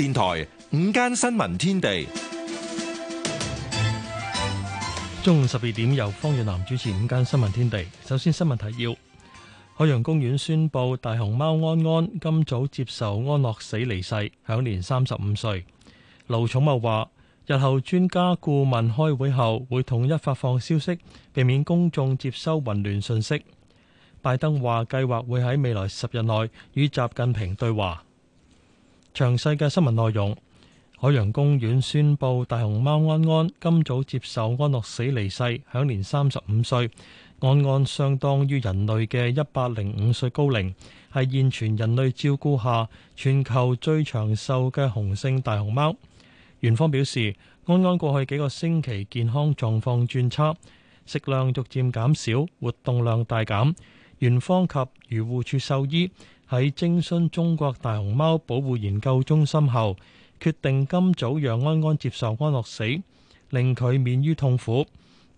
電台午間新聞天地，中午十二點由方遠南主持午間新聞天地。首先新聞提要：海洋公園宣布大熊貓安安今早接受安樂死離世，享年三十五歲。盧寵茂話：日後專家顧問開會後會統一發放消息，避免公眾接收混亂信息。拜登話：計劃會喺未來十日內與習近平對話。詳細嘅新聞內容，海洋公園宣布大熊貓安安今早接受安樂死離世，享年三十五歲，安安相當於人類嘅一百零五歲高齡，係現存人類照顧下全球最長壽嘅雄性大熊貓。園方表示，安安過去幾個星期健康狀況轉差，食量逐漸減少，活動量大減，園方及漁護處獸醫喺徵詢中國大熊貓保護研究中心後，決定今早讓安安接受安樂死，令佢免於痛苦。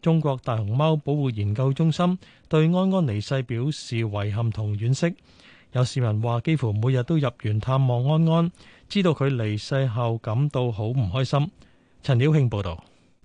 中國大熊貓保護研究中心對安安離世表示遺憾同惋惜。有市民話，幾乎每日都入園探望安安，知道佢離世後感到好唔開心。陳曉慶報導。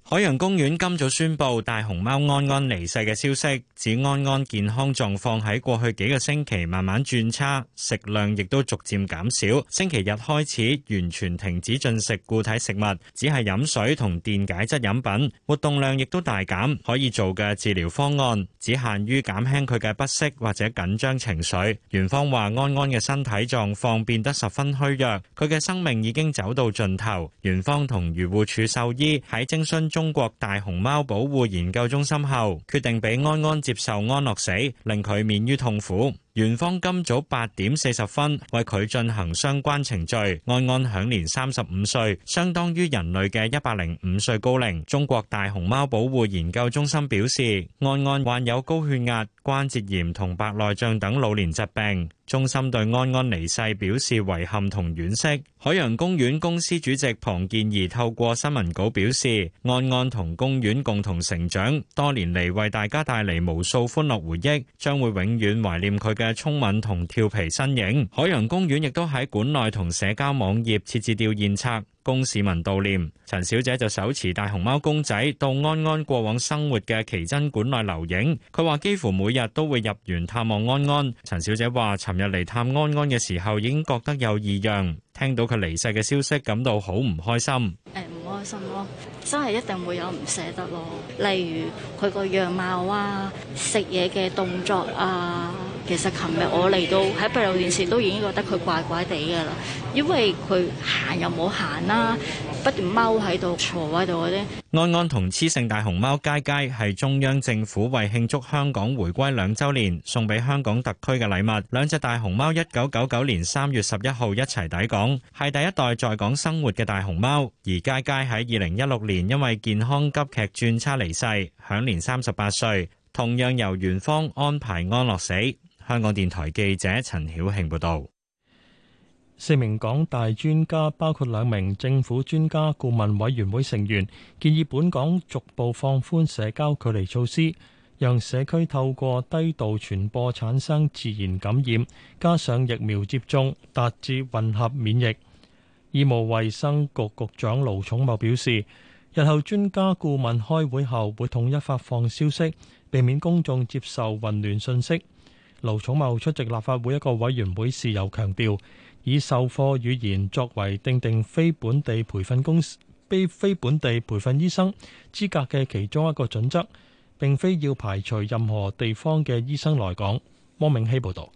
海洋公園今早宣布大熊貓安安離世嘅消息，指安安健康狀況喺過去幾個星期慢慢轉差，食量亦都逐漸減少。星期日開始完全停止進食固體食物，只係飲水同電解質飲品，活動量亦都大減。可以做嘅治療方案只限於減輕佢嘅不適或者緊張情緒。園方話安安嘅身體狀況變得十分虛弱，佢嘅生命已經走到盡頭。園方同漁護署獸醫喺徵詢中國大熊貓保護研究中心後，決定俾安安接受安樂死，令佢免於痛苦。園方今早八點四十分為佢進行相關程序。安安享年三十五歲，相當於人類嘅一百零五歲高齡。中國大熊貓保護研究中心表示，安安患有高血壓、關節炎同白內障等老年疾病。中心對安安離世表示遺憾同惋惜，海洋公園公司主席龐建貽透過新聞稿表示：安安同公園共同成長，多年嚟為大家帶嚟無數歡樂回憶，將會永遠懷念佢嘅聰敏同跳皮身影。海洋公園亦都喺館內同社交網頁設置悼念冊。供市民悼念。陳小姐就手持大熊貓公仔到安安過往生活嘅奇珍館內留影。佢話幾乎每日都會入園探望安安。陳小姐話：尋日嚟探安安嘅時候已經覺得有異樣，聽到佢離世嘅消息感到好唔開心。誒，唔開心咯，真係一定會有唔捨得咯。例如佢個樣貌啊，食嘢嘅動作啊。其實，琴日我嚟到喺閉路電視都已經覺得佢怪怪地㗎啦，因為佢行又冇行啦，不斷踎喺度坐喺度嗰啲。安安同雌性大熊貓佳佳係中央政府為慶祝香港回歸兩週年送俾香港特區嘅禮物。兩隻大熊貓一九九九年三月十一號一齊抵港，係第一代在港生活嘅大熊貓。而佳佳喺二零一六年因為健康急劇轉差離世，享年三十八歲，同樣由園方安排安樂死。香港電台記者陳曉慶報道，四名港大專家包括兩名政府專家顧問委員會成員，建議本港逐步放寬社交距離措施，讓社區透過低度傳播產生自然感染，加上疫苗接種達至混合免疫。醫務衛生局局長盧寵茂表示，日後專家顧問開會後會統一發放消息，避免公眾接受混亂信息。盧寵茂出席立法會一個委員會時，又強調以授課語言作為定定非本地培訓公司、非非本地培訓醫生資格嘅其中一個準則，並非要排除任何地方嘅醫生來港。汪明希報道。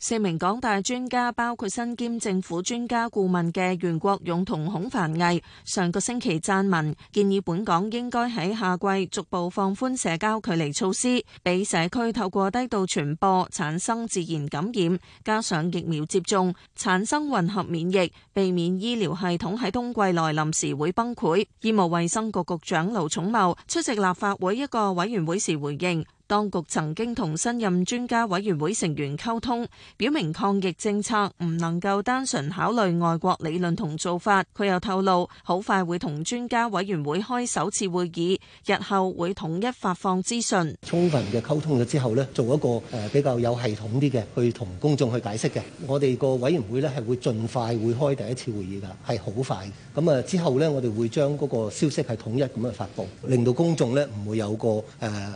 四名港大專家，包括身兼政府專家顧問嘅袁國勇同孔繁毅，上個星期撰文建議本港應該喺夏季逐步放寬社交距離措施，俾社區透過低度傳播產生自然感染，加上疫苗接種產生混合免疫，避免醫療系統喺冬季來臨時會崩潰，醫務衛生局局長盧寵茂出席立法會一個委員會時回應。當局曾經同新任專家委員會成員溝通，表明抗疫政策唔能夠單純考慮外國理論同做法。佢又透露，好快會同專家委員會開首次會議，日後會統一發放資訊。充分嘅溝通咗之後，呢做一個誒比較有系統啲嘅，去同公眾去解釋嘅。我哋個委員會呢係會盡快會開第一次會議㗎，係好快。咁啊之後呢，我哋會將嗰個消息係統一咁樣發布，令到公眾呢唔會有個誒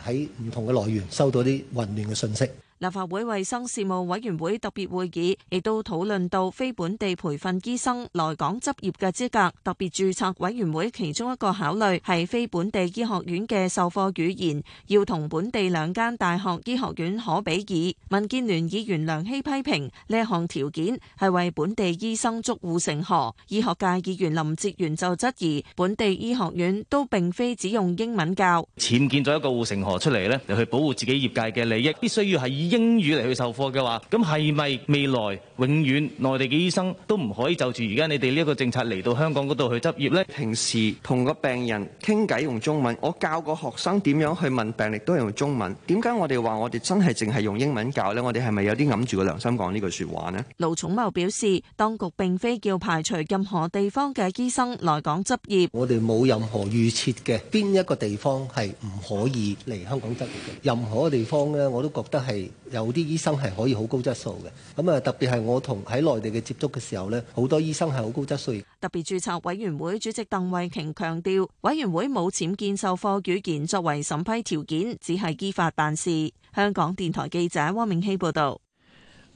喺唔同嘅落，收到啲混亂嘅信息。立法會衛生事務委員會特別會議亦都討論到非本地培訓醫生來港執業嘅資格，特別註冊委員會其中一個考慮係非本地醫學院嘅授課語言要同本地兩間大學醫學院可比擬。民建聯議員梁希批評呢一項條件係為本地醫生築護城河。醫學界議員林哲元就質疑本地醫學院都並非只用英文教，僭建咗一個護城河出嚟咧，你去保護自己業界嘅利益，必須要係。英語嚟，去授課嘅話，咁係咪未來永遠內地嘅醫生都唔可以就住而家你哋呢一個政策嚟到香港嗰度去執業咧？平時同個病人傾偈用中文，我教個學生點樣去問病歷都係用中文。點解我哋話，我哋真係淨係用英文教咧？我哋係咪有啲揞住個良心講呢句說話咧？盧寵茂表示，當局並非叫排除任何地方嘅醫生來港執業，我哋冇任何預設嘅邊一個地方係唔可以嚟香港執業嘅。任何地方咧，我都覺得係。有啲醫生係可以好高質素嘅，咁啊特別係我同喺內地嘅接觸嘅時候呢，好多醫生係好高質素。特別註冊委員會主席鄧惠瓊強調，委員會冇僭建授課語言作為審批條件，只係依法辦事。香港電台記者汪明熙報導。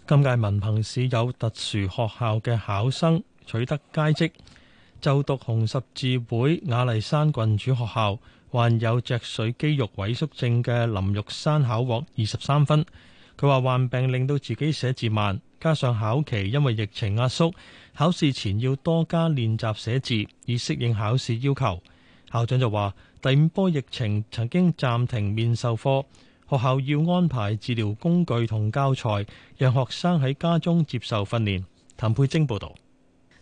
今屆文憑試有特殊學校嘅考生取得佳績，就讀紅十字會亞麗山郡主學校，患有脊髓肌肉萎縮症嘅林玉山考獲二十三分。佢話患病令到自己寫字慢，加上考期因為疫情壓縮，考試前要多加練習寫字，以適應考試要求。校長就話，第五波疫情曾經暫停面授課，學校要安排治療工具同教材，讓學生喺家中接受訓練。譚佩晶報導。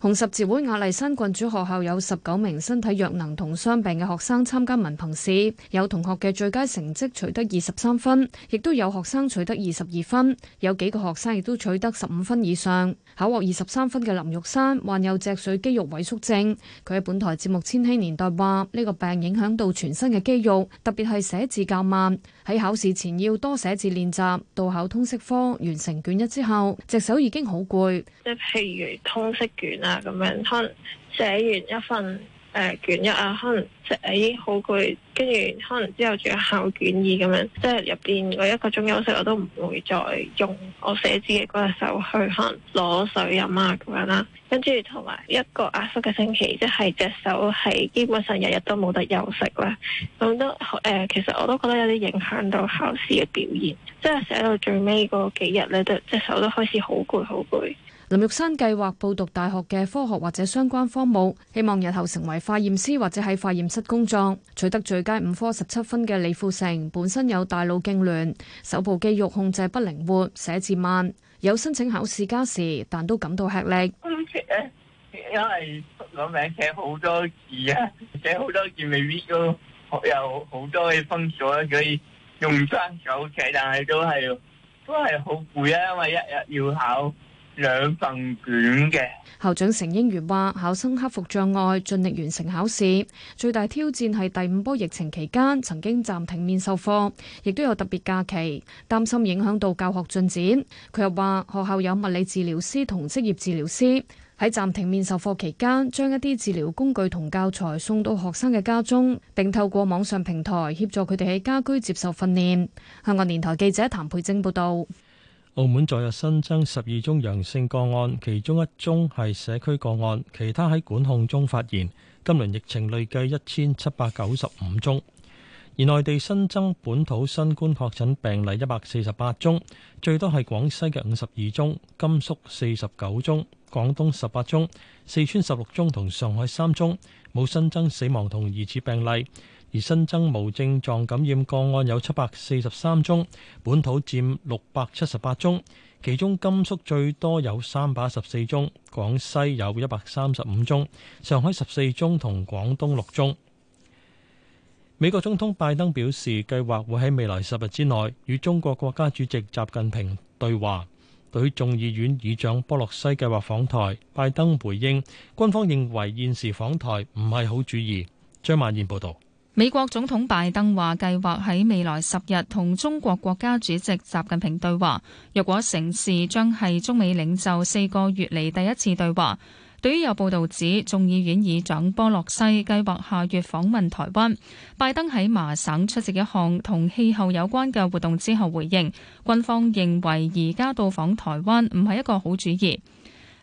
紅十字會亞麗山郡主學校有十九名身體弱能同傷病嘅學生參加文憑試，有同學嘅最佳成績取得二十三分，亦都有學生取得二十二分，有幾個學生亦都取得十五分以上。考獲二十三分嘅林玉山患有脊髓肌肉萎縮症，佢喺本台節目《千禧年代》話呢個病影響到全身嘅肌肉，特別係寫字較慢。喺考試前要多寫字練習，到考通識科完成卷一之後，隻手已經好攰。即譬如通識卷啊咁樣，可能寫完一份。誒、呃、卷一啊，可能即係好攰，跟住可能之後仲要考卷二咁樣，即係入邊一個鐘休息我都唔會再用我寫字嘅嗰隻手去可能攞水飲啊咁樣啦。跟住同埋一個壓縮嘅星期，即係隻手係基本上日日都冇得休息咧，咁都誒、呃、其實我都覺得有啲影響到考試嘅表現，即係寫到最尾嗰幾日咧，隻手都開始好攰好攰。林玉山計劃報讀大學嘅科學或者相關科目，希望日後成為化驗師或者喺化驗室工作。取得最佳五科十七分嘅李富成，本身有大腦痙攣，手部肌肉控制不靈活，寫字慢。有申請考試加時，但都感到吃力。因為攞名寫好多字啊，寫好多字咪搣咯，又好多嘅分數，所以用雙手寫，但係都係都係好攰啊，因為一日要考。兩份卷嘅校長成英元話，考生克服障礙，盡力完成考試。最大挑戰係第五波疫情期間，曾經暫停面授課，亦都有特別假期，擔心影響到教學進展。佢又話，學校有物理治療師同職業治療師喺暫停面授課期間，將一啲治療工具同教材送到學生嘅家中，並透過網上平台協助佢哋喺家居接受訓練。香港電台記者譚佩晶報道。澳門昨日新增十二宗陽性個案，其中一宗係社區個案，其他喺管控中發現。今輪疫情累計一千七百九十五宗，而內地新增本土新冠確診病例一百四十八宗，最多係廣西嘅五十二宗，甘肅四十九宗，廣東十八宗，四川十六宗同上海三宗，冇新增死亡同疑似病例。而新增無症狀感染個案有七百四十三宗，本土佔六百七十八宗，其中甘肅最多有三百一十四宗，廣西有一百三十五宗，上海十四宗同廣東六宗。美國總統拜登表示，計劃會喺未來十日之內與中國國家主席習近平對話。對於眾議院議長波洛西計劃訪台，拜登回應軍方認為現時訪台唔係好主意。張曼燕報導。美國總統拜登話計劃喺未來十日同中國國家主席習近平對話，若果成事，將係中美領袖四個月嚟第一次對話。對於有報道指眾議院議長波洛西計劃下月訪問台灣，拜登喺麻省出席一項同氣候有關嘅活動之後回應，軍方認為而家到訪台灣唔係一個好主意。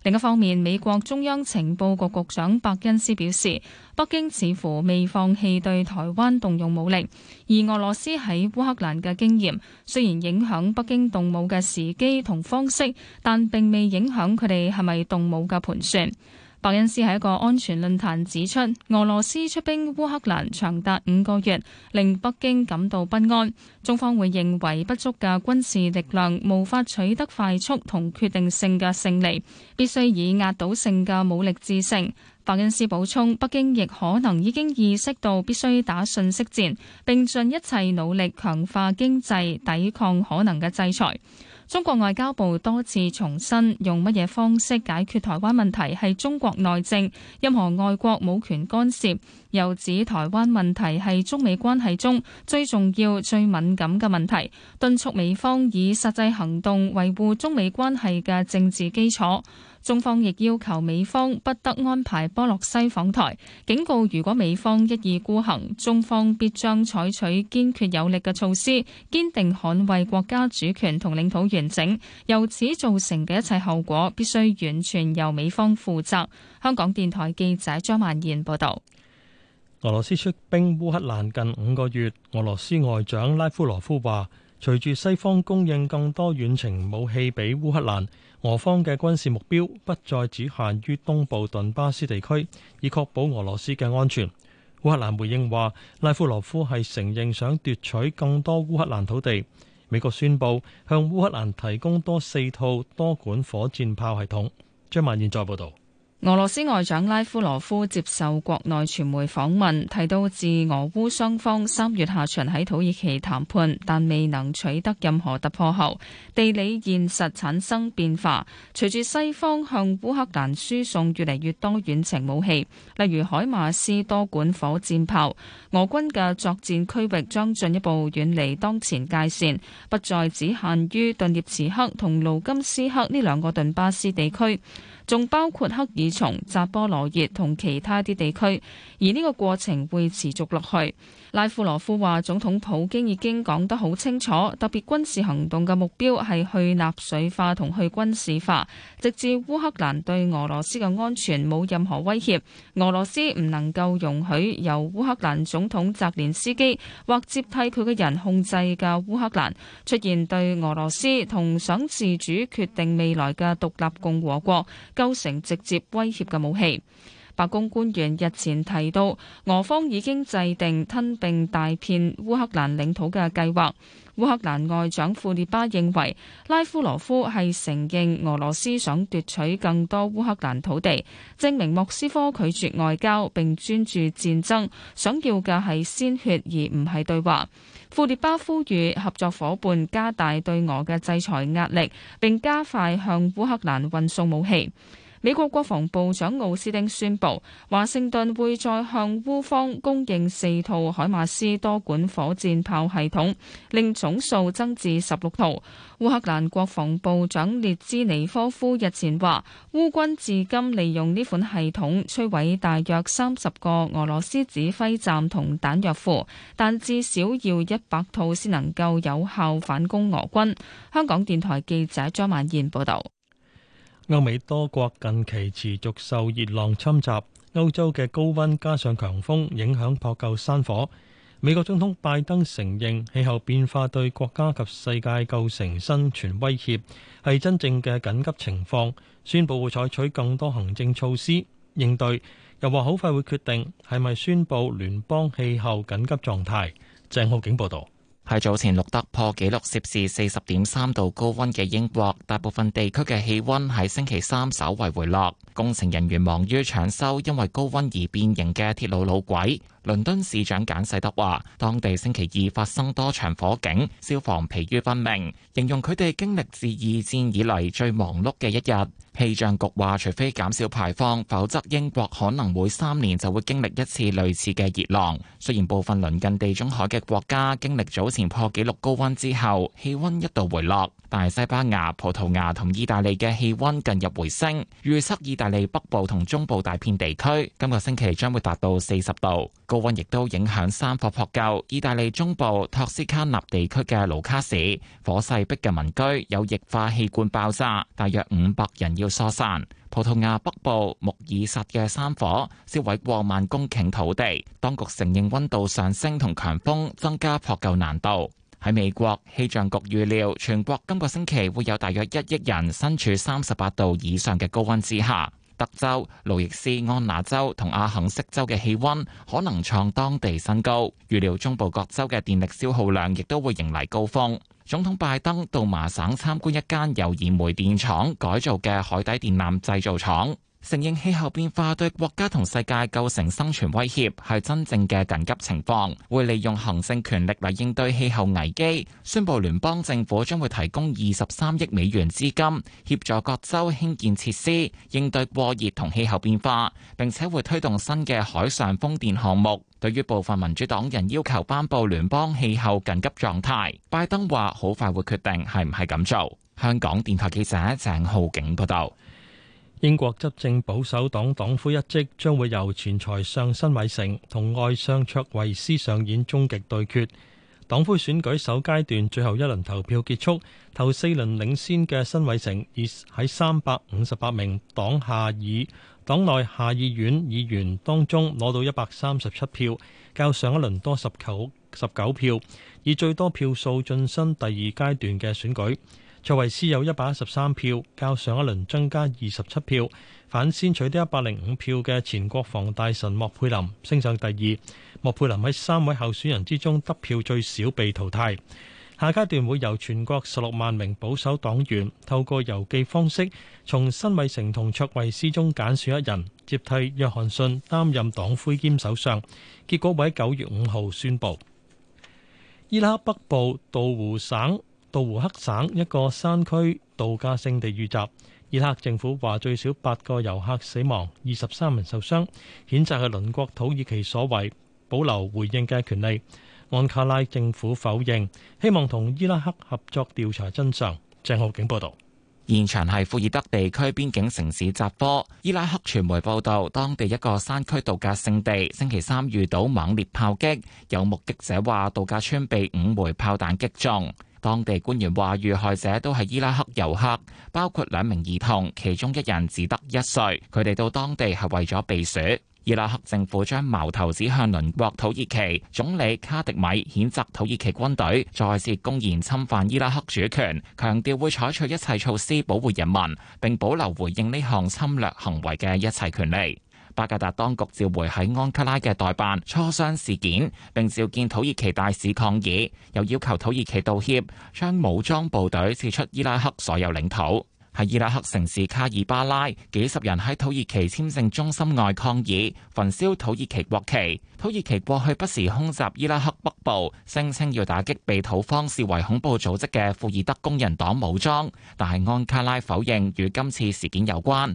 另一方面，美國中央情報局局長伯恩斯表示，北京似乎未放棄對台灣動用武力，而俄羅斯喺烏克蘭嘅經驗，雖然影響北京動武嘅時機同方式，但並未影響佢哋係咪動武嘅盤算。白恩斯喺一個安全論壇指出，俄羅斯出兵烏克蘭長達五個月，令北京感到不安。中方會認為不足嘅軍事力量無法取得快速同決定性嘅勝利，必須以壓倒性嘅武力致勝。白恩斯補充，北京亦可能已經意識到必須打信息戰，並盡一切努力強化經濟，抵抗可能嘅制裁。中國外交部多次重申，用乜嘢方式解決台灣問題係中國內政，任何外國冇權干涉。又指台灣問題係中美關係中最重要、最敏感嘅問題，敦促美方以實際行動維護中美關係嘅政治基礎。中方亦要求美方不得安排波洛西訪台，警告如果美方一意孤行，中方必將採取堅決有力嘅措施，堅定捍衛國家主權同領土完整。由此造成嘅一切後果，必須完全由美方負責。香港電台記者張曼燕報道。俄羅斯出兵烏克蘭近五個月，俄羅斯外長拉夫羅夫話，隨住西方供應更多遠程武器俾烏克蘭。俄方嘅軍事目標不再只限於東部頓巴斯地區，以確保俄羅斯嘅安全。烏克蘭回應話，拉夫羅夫係承認想奪取更多烏克蘭土地。美國宣布向烏克蘭提供多四套多管火箭炮系統，張曼燕再報道。俄羅斯外長拉夫羅夫接受國內傳媒訪問，提到自俄烏雙方三月下旬喺土耳其談判，但未能取得任何突破後，地理現實產生變化。隨住西方向烏克蘭輸送越嚟越多遠程武器，例如海馬斯多管火箭炮，俄軍嘅作戰區域將進一步遠離當前界線，不再只限於頓涅茨克同盧甘斯克呢兩個頓巴斯地區。仲包括赫爾松、扎波羅熱同其他啲地區，而呢個過程會持續落去。拉夫羅夫話：總統普京已經講得好清楚，特別軍事行動嘅目標係去納粹化同去軍事化，直至烏克蘭對俄羅斯嘅安全冇任何威脅。俄羅斯唔能夠容許由烏克蘭總統澤連斯基或接替佢嘅人控制嘅烏克蘭出現對俄羅斯同想自主決定未來嘅獨立共和國構成直接威脅嘅武器。白宮官員日前提到，俄方已經制定吞併大片烏克蘭領土嘅計劃。烏克蘭外長庫列巴認為，拉夫羅夫係承認俄羅斯想奪取更多烏克蘭土地，證明莫斯科拒絕外交並專注戰爭，想要嘅係鮮血而唔係對話。庫列巴呼籲合作伙伴加大對俄嘅制裁壓力，並加快向烏克蘭運送武器。美國國防部長奧斯汀宣布，華盛頓會再向烏方供應四套海馬斯多管火箭炮系統，令總數增至十六套。烏克蘭國防部長列茲尼科夫日前話，烏軍至今利用呢款系統摧毀大約三十個俄羅斯指揮站同彈藥庫，但至少要一百套先能夠有效反攻俄軍。香港電台記者張萬燕報道。歐美多國近期持續受熱浪侵襲，歐洲嘅高温加上強風影響，撲救山火。美國總統拜登承認氣候變化對國家及世界構成生存威脅，係真正嘅緊急情況，宣布會採取更多行政措施應對，又話好快會決定係咪宣布聯邦氣候緊急狀態。鄭浩景報道。喺早前錄得破紀錄攝氏四十點三度高溫嘅英國，大部分地區嘅氣溫喺星期三稍為回落。工程人員忙於搶修因為高溫而變形嘅鐵路路軌。倫敦市長簡世德話，當地星期二發生多場火警，消防疲於奔命，形容佢哋經歷自二戰以嚟最忙碌嘅一日。氣象局話，除非減少排放，否則英國可能每三年就會經歷一次類似嘅熱浪。雖然部分鄰近地中海嘅國家經歷早前破紀錄高温之後，氣温一度回落。大西班牙、葡萄牙同意大利嘅氣溫近日回升，預測意大利北部同中部大片地區今個星期將會達到四十度高溫，亦都影響山火撲救。意大利中部托斯卡納地區嘅盧卡市火勢逼近民居，有液化氣罐爆炸，大約五百人要疏散。葡萄牙北部穆爾薩嘅山火燒毀過萬公頃土地，當局承認溫度上升同強風增加撲救難度。喺美國氣象局預料，全國今個星期會有大約一億人身處三十八度以上嘅高溫之下。德州、路易斯安那州同阿肯色州嘅氣溫可能創當地新高。預料中部各州嘅電力消耗量亦都會迎嚟高峰。總統拜登到麻省參觀一間由燃煤電廠改造嘅海底電纜製造廠。承認氣候變化對國家同世界構成生存威脅，係真正嘅緊急情況，會利用行政權力嚟應對氣候危機。宣布聯邦政府將會提供二十三億美元資金，協助各州興建設施，應對過熱同氣候變化，並且會推動新嘅海上風電項目。對於部分民主黨人要求頒布聯邦氣候緊急狀態，拜登話好快會決定係唔係咁做。香港電台記者鄭浩景報道。英國執政保守黨黨魁一職將會由前財相辛偉誠同外相卓慧思上演終極對決。黨魁選舉首階段最後一輪投票結束，頭四輪領先嘅辛偉誠，已喺三百五十八名黨下議黨內下議院議員當中攞到一百三十七票，較上一輪多十九十九票，以最多票數晉身第二階段嘅選舉。卓慧思有一百一十三票，較上一輪增加二十七票。反先取得一百零五票嘅前國防大臣莫佩林升上第二。莫佩林喺三位候選人之中得票最少，被淘汰。下階段會由全國十六萬名保守黨員透過郵寄方式，從辛偉誠同卓慧思中揀選一人接替約翰遜擔任黨魁兼首相。結果會喺九月五號宣布。伊拉克北部杜湖省。杜胡克省一個山區度假勝地遇襲，伊拉克政府話最少八個遊客死亡，二十三人受傷，譴責係鄰國土耳其所為，保留回應嘅權利。安卡拉政府否認，希望同伊拉克合作調查真相。鄭浩景報導，現場係庫爾德地區邊境城市扎波。伊拉克傳媒報道，當地一個山區度假勝地星期三遇到猛烈炮擊，有目擊者話度假村被五枚炮彈擊中。當地官員話，遇害者都係伊拉克遊客，包括兩名兒童，其中一人只得一歲。佢哋到當地係為咗避暑。伊拉克政府將矛頭指向鄰國土耳其，總理卡迪米譴責土耳其軍隊，再次公然侵犯伊拉克主權，強調會採取一切措施保護人民，並保留回應呢項侵略行為嘅一切權利。巴格達當局召回喺安卡拉嘅代辦磋商事件，並召見土耳其大使抗議，又要求土耳其道歉，將武裝部隊撤出伊拉克所有領土。喺伊拉克城市卡爾巴拉，幾十人喺土耳其簽證中心外抗議，焚燒土耳其國旗。土耳其過去不時空襲伊拉克北部，聲稱要打擊被土方視為恐怖組織嘅庫爾德工人黨武裝，但係安卡拉否認與今次事件有關。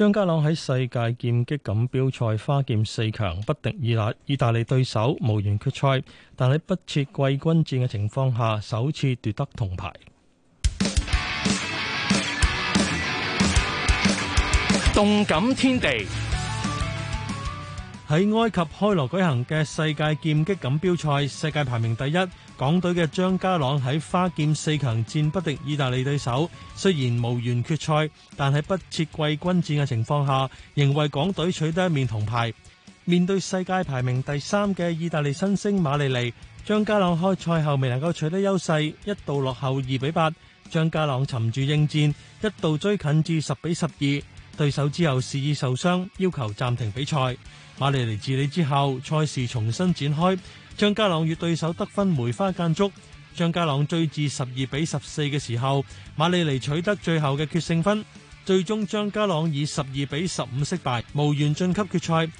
張家朗喺世界劍擊錦標賽花劍四強不敵意意意大利對手無緣決賽，但喺不設季軍戰嘅情況下，首次奪得銅牌。動感天地。喺埃及開羅舉行嘅世界劍擊錦標賽，世界排名第一。港隊嘅張家朗喺花劍四強戰不敵意大利對手，雖然無緣決賽，但喺不設季軍戰嘅情況下，仍為港隊取得一面銅牌。面對世界排名第三嘅意大利新星馬里尼，張家朗開賽後未能夠取得優勢，一度落後二比八。張家朗沉住應戰，一度追近至十比十二，對手之後示意受傷，要求暫停比賽。馬里尼治理之後，賽事重新展開。張家朗與對手得分梅花間竹，張家朗追至十二比十四嘅時候，馬利尼取得最後嘅決勝分，最終張家朗以十二比十五惜敗，無緣晉級決賽。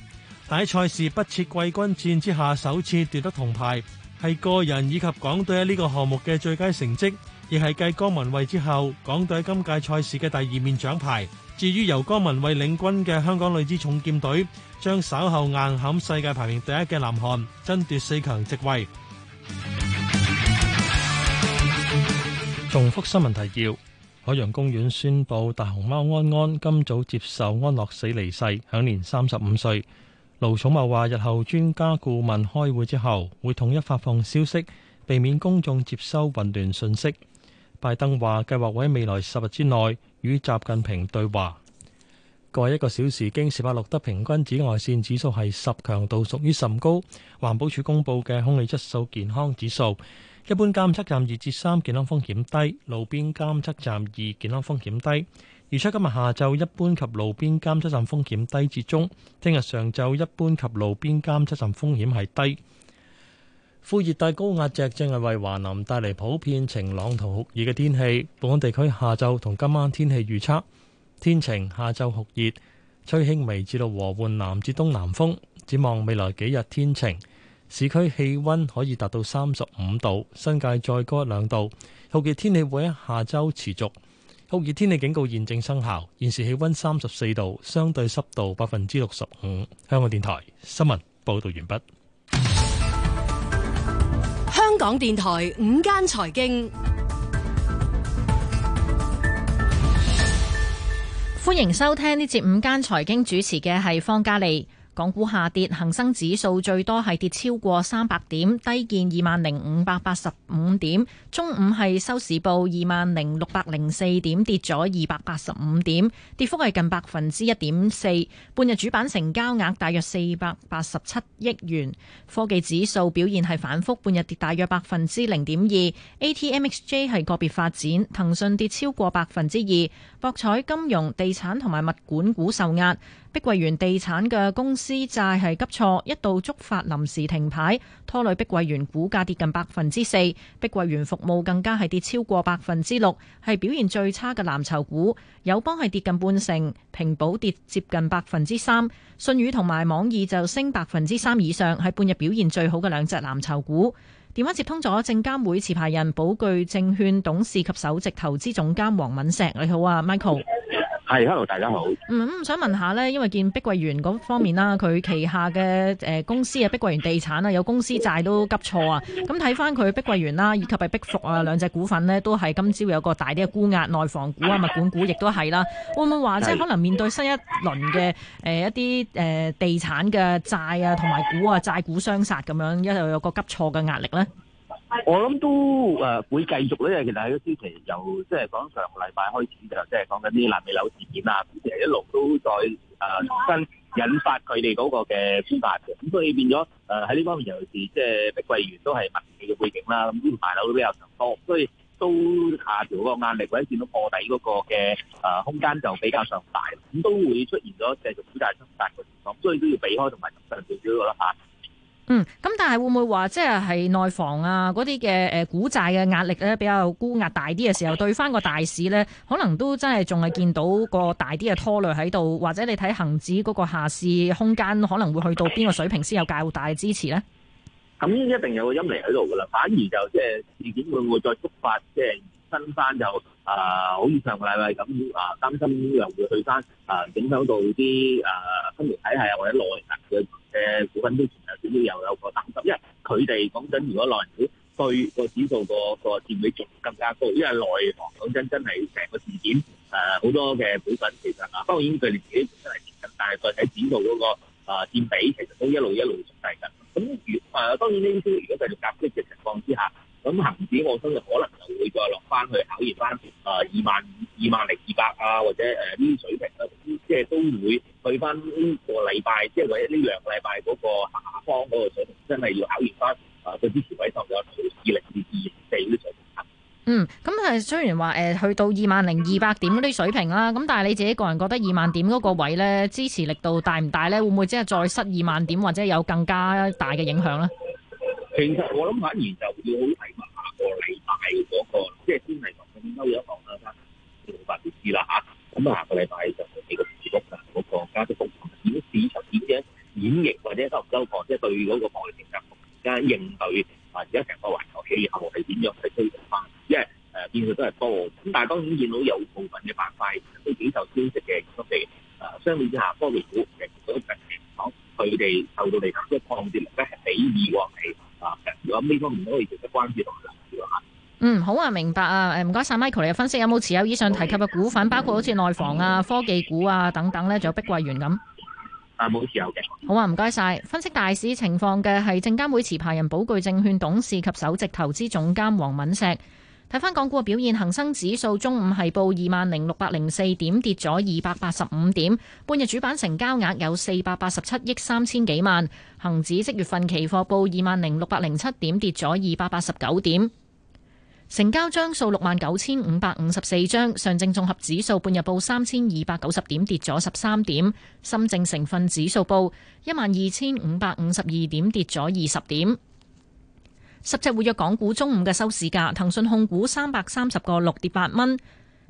但喺賽事不設季軍戰之下，首次奪得銅牌，係個人以及港隊喺呢個項目嘅最佳成績。亦係繼江文蔚之後，港隊今屆賽事嘅第二面獎牌。至於由江文蔚領軍嘅香港女子重劍隊，將稍後硬撼世界排名第一嘅南韓，爭奪四強席位。重複新聞提要：海洋公園宣布大熊貓安安今早接受安樂死離世，享年三十五歲。盧寵茂話：日後專家顧問開會之後，會統一發放消息，避免公眾接收混亂信息。拜登話計劃會喺未來十日之內與習近平對話。過一個小時，京士柏錄得平均紫外線指數係十強度，屬於甚高。環保署公佈嘅空氣質素健康指數，一般監測站二至三健康風險低，路邊監測站二健康風險低。預測今日下晝一般及路邊監測站風險低至中，聽日上晝一般及路邊監測站風險係低。副熱帶高壓脊正係為華南帶嚟普遍晴朗同酷熱嘅天氣。本港地區下晝同今晚天氣預測：天晴，下晝酷熱，吹輕微至到和緩南至東南風。展望未來幾日天晴，市區氣温可以達到三十五度，新界再高一兩度。酷熱天氣會喺下晝持續。酷熱天氣警告現正生效，現時氣温三十四度，相對濕度百分之六十五。香港電台新聞報道完畢。香港電台午間財經。歡迎收聽呢節午間財經，主持嘅係方嘉莉。港股下跌，恒生指數最多係跌超過三百點，低見二萬零五百八十五點。中午係收市報二萬零六百零四點，跌咗二百八十五點，跌幅係近百分之一點四。半日主板成交額大約四百八十七億元。科技指數表現係反復，半日跌大約百分之零點二。ATMXJ 係個別發展，騰訊跌超過百分之二。博彩、金融、地產同埋物管股受壓，碧桂園地產嘅公司債係急挫，一度觸發臨時停牌，拖累碧桂園股價跌近百分之四，碧桂園服務更加係跌超過百分之六，係表現最差嘅藍籌股。友邦係跌近半成，平保跌接近百分之三，信宇同埋網易就升百分之三以上，係半日表現最好嘅兩隻藍籌股。電話接通咗證監會持牌人寶鉅證券董事及首席投資總監黃敏石，你好啊，Michael。Hello 大家好。嗯，咁想問下咧，因為見碧桂園嗰方面啦，佢旗下嘅誒、呃、公司啊，碧桂園地產啊，有公司債都急挫啊。咁睇返佢碧桂園啦，以及係碧服啊，兩隻股份呢，都係今朝有個大啲嘅沽壓，內房股啊、的物管股亦都係啦。會唔會話的即係可能面對新一輪嘅誒、呃、一啲誒、呃、地產嘅債啊，同埋股啊，債股相殺咁樣，一路有個急挫嘅壓力咧？我諗都誒會繼續咧，因為其實喺之前由即係講上個禮拜開始就即係講緊啲爛尾樓事件啊，咁其實一路都在誒重新引發佢哋嗰個嘅司法嘅，咁所以變咗誒喺呢方面，尤其是即係碧桂園都係民企嘅背景啦，咁啲爛樓都比較常多，所以都下調個壓力，或者見到破底嗰個嘅誒空間就比較上大，咁都會出現咗繼續股價衝突嘅情況，所以都要避開同埋謹慎少少咯吓。嗯，咁但係會唔會話即係係內房啊，嗰啲嘅誒股債嘅壓力咧比較沽壓大啲嘅時候，對翻個大市咧，可能都真係仲係見到個大啲嘅拖累喺度，或者你睇恒指嗰個下市空間可能會去到邊個水平先有較大嘅支持咧？咁一定有個陰嚟喺度噶啦，反而就即係事件會唔會再觸發即係新翻就，呃、啊，好似上個禮拜咁啊，擔心又會去翻啊，影響到啲啊金融體系啊或者內嘅嘅股份都。要又有個擔心，因為佢哋講真，如果內地對個指數個個佔比仲更加高，因為內行講真，真係成個事件誒，好多嘅股份其實啊，當然佢哋自己本身係跌緊，但係佢喺指數嗰個。啊，佔比其實都一路一路縮細㗎。咁如誒，當然呢啲如果繼續壓縮嘅情況之下，咁恆指我覺得可能就會再落翻去考驗翻啊二萬二萬零二百啊，或者誒呢啲水平啦。即、嗯、係、就是、都會去翻呢個禮拜，即係或者呢兩個禮拜嗰個下方嗰個水平，真係要考驗翻啊個支持位究竟係二零至二四呢個水平。嗯，咁係雖然話誒，去到二萬零二百點嗰啲水平啦，咁但係你自己個人覺得二萬點嗰個位咧支持力度大唔大咧？會唔會即係再失二萬點或者有更加大嘅影響咧？其實我諗反而就要睇下下個禮拜嗰個，即係先係從歐元行啊間要發啲資啦嚇。咁啊，下個禮拜就幾個市局啊，嗰個加啲複雜嘅市場演嘅演繹或者收收貨，即係對嗰個外匯政策。嘅應對啊！而家成個環球氣候係點樣去推勢翻？因為誒變數都係多咁，但係當然見到有部分嘅板塊都幾受消息嘅咁，我哋啊相比之下，科技股其實都特別講佢哋受到嚟即係抗跌力咧係比以往。係啊，咁呢方面可以值得關注㗎啦，呢嗯，好啊，明白啊！誒唔該晒 Michael 你嘅分析，有冇持有以上提及嘅股份？嗯、包括好似內房啊、嗯、科技股啊等等咧，仲有碧桂園咁。啊！冇持有嘅。好啊，唔該晒。分析大市情況嘅係證監會持牌人寶具證券董事及首席投資總監黃敏石。睇翻港股嘅表現，恒生指數中午係報二萬零六百零四點，跌咗二百八十五點。半日主板成交額有四百八十七億三千幾萬。恒指即月份期貨報二萬零六百零七點，跌咗二百八十九點。成交張數六萬九千五百五十四張，上證綜合指數半日報三千二百九十點，跌咗十三點；深證成分指數報一萬二千五百五十二點，跌咗二十點。十隻活躍港股中午嘅收市價，騰訊控股三百三十個六跌八蚊。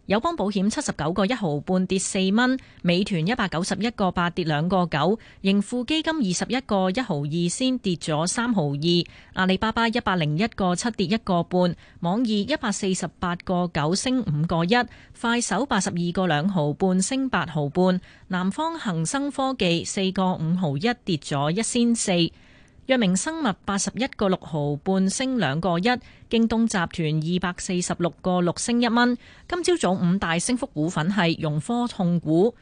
友邦保險七十九個一毫半跌四蚊，美團一百九十一個八跌兩個九，盈富基金二十一個一毫二仙跌咗三毫二，阿里巴巴一百零一個七跌一個半，網易一百四十八個九升五個一，快手八十二個兩毫半升八毫半，南方恒生科技四個五毫一跌咗一仙四。藥明生物八十一個六毫半升兩個一，京東集團二百四十六個六升一蚊。今朝早五大升幅股份係融科控股、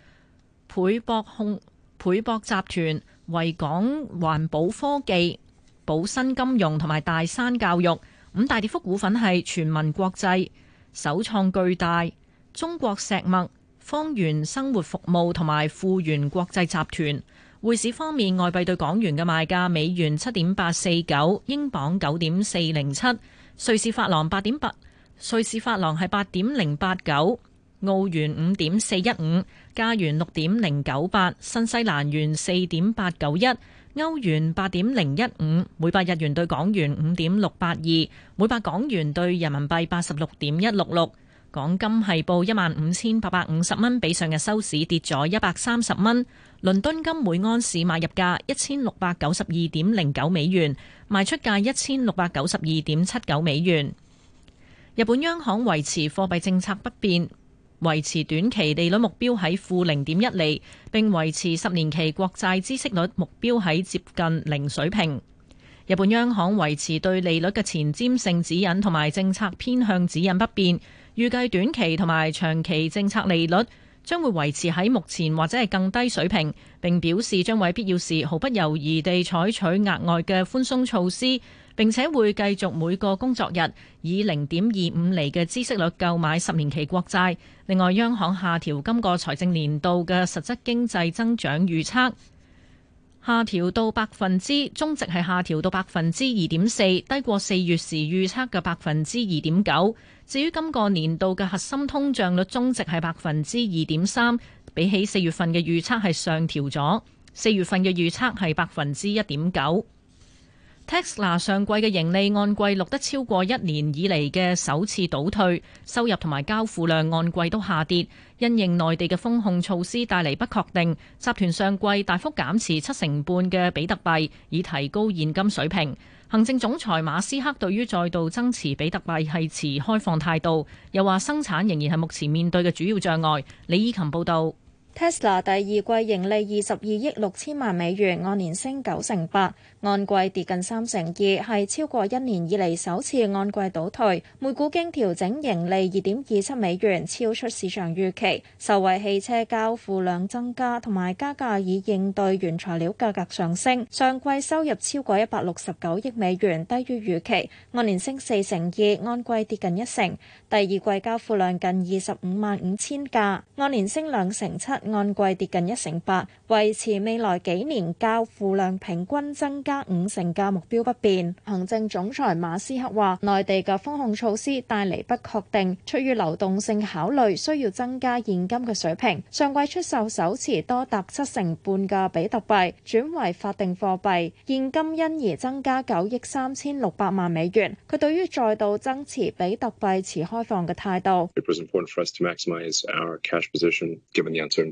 倍博控、倍博集團、維港環保科技、寶新金融同埋大山教育。五大跌幅股份係全民國際、首創巨大、中國石墨、方圓生活服務同埋富源國際集團。匯市方面，外幣對港元嘅賣價：美元七點八四九，英鎊九點四零七，瑞士法郎八點八，瑞士法郎係八點零八九，澳元五點四一五，加元六點零九八，新西蘭元四點八九一，歐元八點零一五，每百日元對港元五點六八二，每百港元對人民幣八十六點一六六。港金係報一萬五千八百五十蚊，比上日收市跌咗一百三十蚊。倫敦金每安士買入價一千六百九十二點零九美元，賣出價一千六百九十二點七九美元。日本央行維持貨幣政策不變，維持短期利率目標喺負零點一厘，並維持十年期國債孳息率目標喺接近零水平。日本央行維持對利率嘅前瞻性指引同埋政策偏向指引不變。預計短期同埋長期政策利率將會維持喺目前或者係更低水平，並表示將為必要時毫不猶豫地採取額外嘅寬鬆措施，並且會繼續每個工作日以零點二五厘嘅孳息率購買十年期國債。另外，央行下調今個財政年度嘅實質經濟增長預測。下調到百分之，中值係下調到百分之二點四，低過四月時預測嘅百分之二點九。至於今個年度嘅核心通脹率中值係百分之二點三，比起四月份嘅預測係上調咗，四月份嘅預測係百分之一點九。Tesla 上季嘅盈利按季錄得超過一年以嚟嘅首次倒退，收入同埋交付量按季都下跌，因應內地嘅封控措施帶嚟不確定。集團上季大幅減持七成半嘅比特幣，以提高現金水平。行政總裁馬斯克對於再度增持比特幣係持開放態度，又話生產仍然係目前面對嘅主要障礙。李以琴報道。Tesla 第二季盈利二十二億六千萬美元，按年升九成八，按季跌近三成二，係超過一年以嚟首次按季倒退。每股經調整盈利二點二七美元，超出市場預期，受惠汽車交付量增加同埋加價以應對原材料價格上升。上季收入超過一百六十九億美元，低於預期，按年升四成二，按季跌近一成。第二季交付量近二十五萬五千架，按年升兩成七。按季跌近一成八，維持未來幾年交付量平均增加五成嘅目標不變。行政總裁馬斯克話：內地嘅封控措施帶嚟不確定，出於流動性考慮，需要增加現金嘅水平。上季出售手持多達七成半嘅比特幣，轉為法定貨幣，現金因而增加九億三千六百萬美元。佢對於再度增持比特幣持開放嘅態度。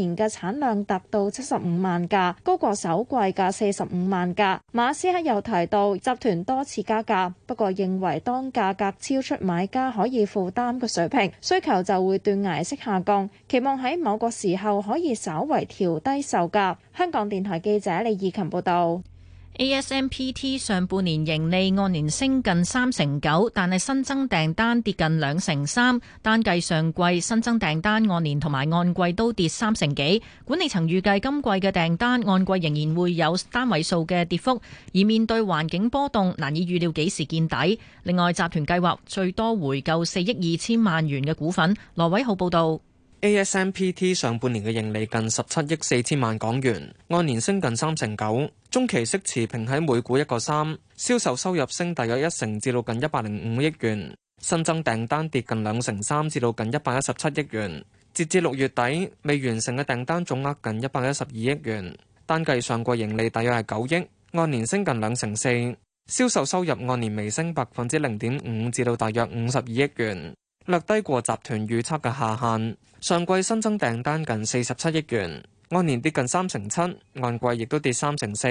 年嘅產量達到七十五萬架，高過首季嘅四十五萬架。馬斯克又提到，集團多次加價，不過認為當價格超出買家可以負擔嘅水平，需求就會斷崖式下降。期望喺某個時候可以稍為調低售價，香港電台記者李怡琴報道。ASMPT 上半年盈利按年升近三成九，但係新增訂單跌近兩成三。單計上季新增訂單按年同埋按季都跌三成幾。管理層預計今季嘅訂單按季仍然會有單位數嘅跌幅，而面對環境波動，難以預料幾時見底。另外，集團計劃最多回購四億二千萬元嘅股份。羅偉浩報道。ASMPT 上半年嘅盈利近十七億四千萬港元，按年升近三成九。中期息持平喺每股一個三。銷售收入升大約一成，至到近一百零五億元。新增訂單跌近兩成三，至到近一百一十七億元。截至六月底，未完成嘅訂單總額近一百一十二億元。單計上季盈利大約係九億，按年升近兩成四。銷售收入按年微升百分之零點五，至到大約五十二億元。略低過集團預測嘅下限，上季新增訂單近四十七億元，按年跌近三成七，按季亦都跌三成四，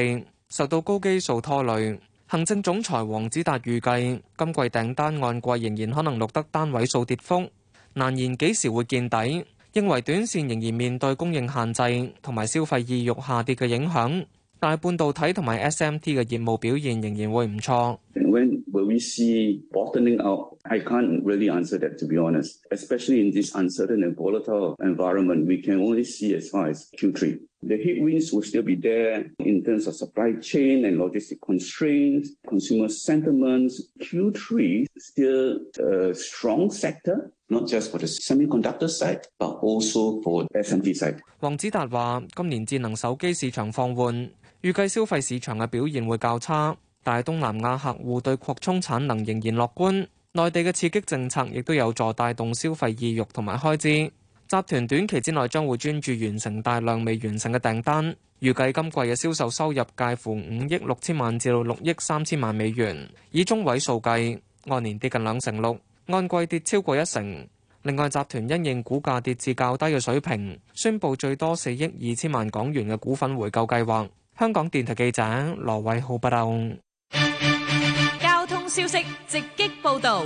受到高基數拖累。行政總裁黃子達預計今季訂單按季仍然可能錄得單位數跌幅，難言幾時會見底，認為短線仍然面對供應限制同埋消費意欲下跌嘅影響。但係半導體同埋 SMT 嘅業務表現仍然會唔錯。黃子達話，今年智能手機市場放緩。預計消費市場嘅表現會較差，但係東南亞客戶對擴充產能仍然樂觀。內地嘅刺激政策亦都有助帶動消費意欲同埋開支。集團短期之內將會專注完成大量未完成嘅訂單。預計今季嘅銷售收入介乎五億六千萬至六億三千萬美元，以中位數計，按年跌近兩成六，按季跌超過一成。另外，集團因應股價跌至較低嘅水平，宣布最多四億二千萬港元嘅股份回購計劃。香港電台記者羅偉浩報道。交通消息直擊報道。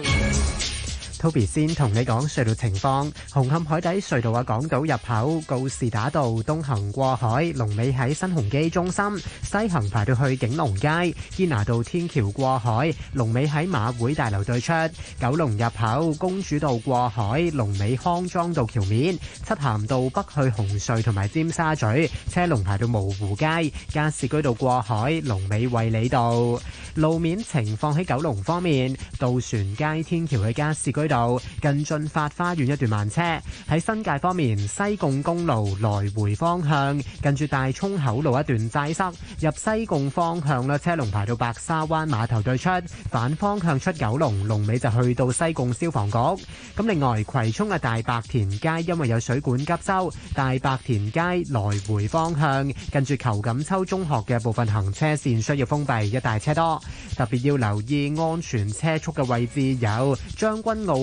Toby 先同你講隧道情況，紅磡海底隧道啊，港島入口告士打道東行過海，龍尾喺新鴻基中心；西行排到去景隆街，堅拿道天橋過海，龍尾喺馬會大樓對出；九龍入口公主道過海，龍尾康莊道橋面；漆咸道北去紅隧同埋尖沙咀，車龍排到蕪湖街，加士居道過海，龍尾衛理道。路面情況喺九龍方面，渡船街天橋去加士居道。近駿發花園一段慢車喺新界方面，西貢公路來回方向近住大涌口路一段擠塞，入西貢方向咧車龍排到白沙灣碼頭對出，反方向出九龍龍尾就去到西貢消防局。咁另外葵涌嘅大白田街因為有水管急修，大白田街來回方向近住裘錦秋中學嘅部分行車線需要封閉，一帶車多，特別要留意安全車速嘅位置有將軍澳。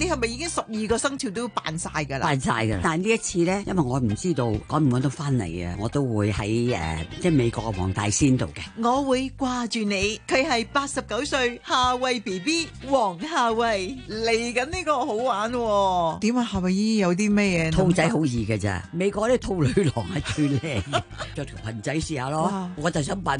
你係咪已經十二個生肖都扮晒噶啦？扮晒噶啦！但係呢一次咧，因為我唔知道趕唔趕得翻嚟啊，我都會喺誒、呃、即係美國嘅黃大仙度嘅。我會掛住你。佢係八十九歲夏威 B B 黃夏威嚟緊呢個好玩，哦。點啊？夏威姨有啲咩嘢？兔仔好易嘅咋？美國啲兔女郎係最靚，着 條裙仔試下咯。哇我就想扮。